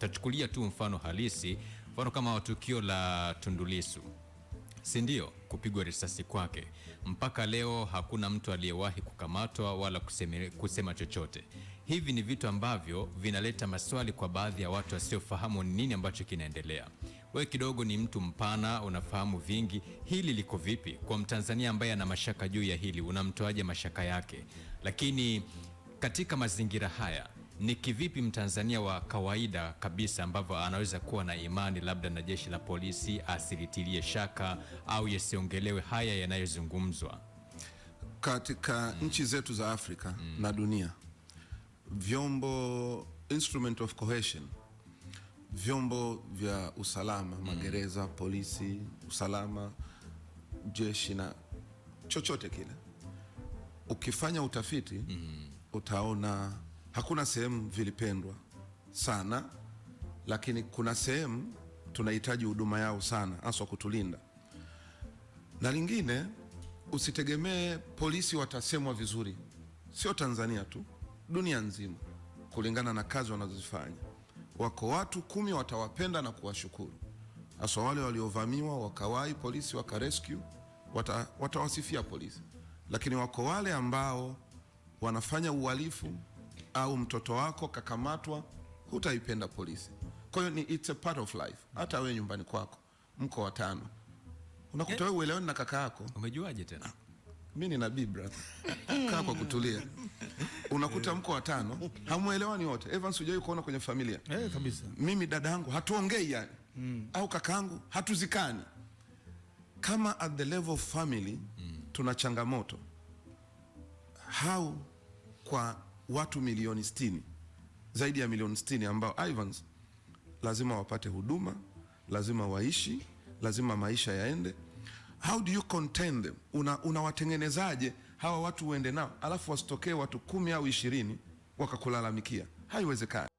tachukulia tu mfano halisi, mfano kama tukio la tundulisu si ndio? Kupigwa risasi kwake, mpaka leo hakuna mtu aliyewahi kukamatwa wala kuseme, kusema chochote. Hivi ni vitu ambavyo vinaleta maswali kwa baadhi ya watu wasiofahamu ni nini ambacho kinaendelea. Wewe kidogo ni mtu mpana, unafahamu vingi. Hili liko vipi kwa Mtanzania ambaye ana mashaka juu ya hili? Unamtoaje mashaka yake? Lakini katika mazingira haya ni kivipi Mtanzania wa kawaida kabisa ambavyo anaweza kuwa na imani labda na jeshi la polisi asilitilie shaka au yasiongelewe haya yanayozungumzwa katika mm. nchi zetu za Afrika mm. na dunia, vyombo instrument of cohesion, vyombo vya usalama mm. magereza, polisi, usalama, jeshi na chochote kile, ukifanya utafiti mm. utaona hakuna sehemu vilipendwa sana, lakini kuna sehemu tunahitaji huduma yao sana, haswa kutulinda. Na lingine, usitegemee polisi watasemwa vizuri, sio Tanzania tu, dunia nzima, kulingana na kazi wanazozifanya. Wako watu kumi watawapenda na kuwashukuru, haswa wale waliovamiwa wakawahi polisi wakarescue, wata, watawasifia polisi, lakini wako wale ambao wanafanya uhalifu au mtoto wako kakamatwa, hutaipenda polisi. Kwa hiyo ni it's a part of life. Hata wewe nyumbani kwako mko watano, unakuta eh? wewe uelewani na kaka yako. Umejuaje tena? Mimi ah, ni nabii brother, kaa kwa kutulia. Unakuta mko watano hamuelewani wote. Evans, hujawahi kuona kwenye familia eh? Kabisa. Mimi dada yangu hatuongei yani, mm. au kakaangu hatuzikani kama at the level of family mm. tuna changamoto how kwa watu milioni 60 zaidi ya milioni 60 ambao Ivans lazima wapate huduma, lazima waishi, lazima maisha yaende. How do you contain them? Unawatengenezaje una hawa watu uende nao alafu wasitokee watu kumi au ishirini wakakulalamikia? Haiwezekani.